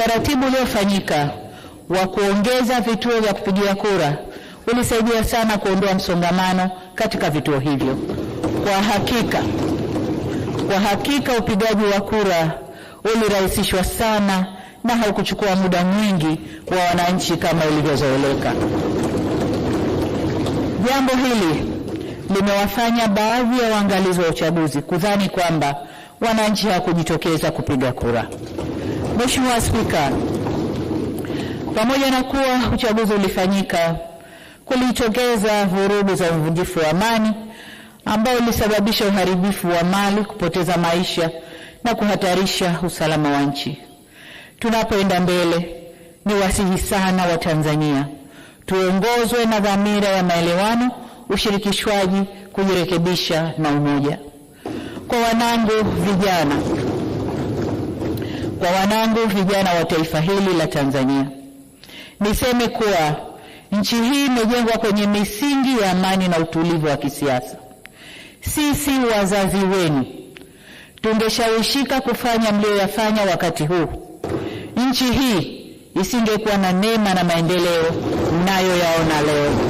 utaratibu uliofanyika wa kuongeza vituo vya kupigia kura ulisaidia sana kuondoa msongamano katika vituo hivyo. Kwa hakika, kwa hakika upigaji wa kura ulirahisishwa sana na haukuchukua muda mwingi wa wananchi kama ilivyozoeleka. Jambo hili limewafanya baadhi ya waangalizi wa uchaguzi kudhani kwamba wananchi hawakujitokeza kupiga kura. Mheshimiwa Spika, pamoja na kuwa uchaguzi ulifanyika, kulitokeza vurugu za uvunjifu wa amani ambao ulisababisha uharibifu wa mali, kupoteza maisha na kuhatarisha usalama wa nchi. Tunapoenda mbele, ni wasihi sana wa Tanzania tuongozwe na dhamira ya maelewano, ushirikishwaji, kujirekebisha na umoja. Kwa wanangu vijana kwa wanangu vijana wa taifa hili la Tanzania. Niseme kuwa nchi hii imejengwa kwenye misingi ya amani na utulivu wa kisiasa. Sisi wazazi wenu tungeshawishika kufanya mliyoyafanya wakati huu, nchi hii isingekuwa na neema na maendeleo mnayoyaona leo.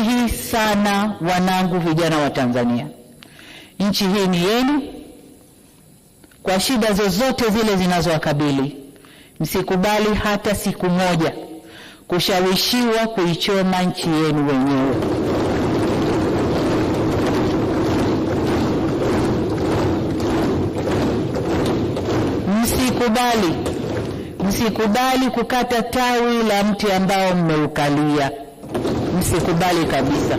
sana wanangu vijana wa Tanzania, nchi hii ni yenu. Kwa shida zozote zile zinazowakabili, msikubali hata siku moja kushawishiwa kuichoma nchi yenu wenyewe. Msikubali, msikubali kukata tawi la mti ambao mmeukalia sikubali kabisa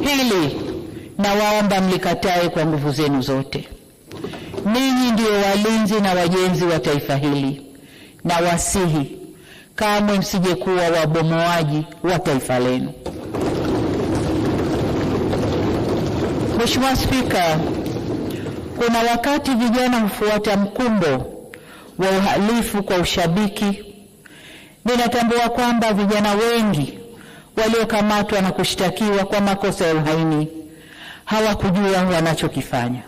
hili, nawaomba mlikatae kwa nguvu zenu zote. Ninyi ndio walinzi na wajenzi wa taifa hili, na wasihi kamwe msijekuwa wabomoaji wa taifa lenu. Mheshimiwa Spika, kuna wakati vijana hufuata mkumbo wa uhalifu kwa ushabiki. Ninatambua kwamba vijana wengi waliokamatwa na kushtakiwa kwa makosa ya uhaini hawakujua wanachokifanya.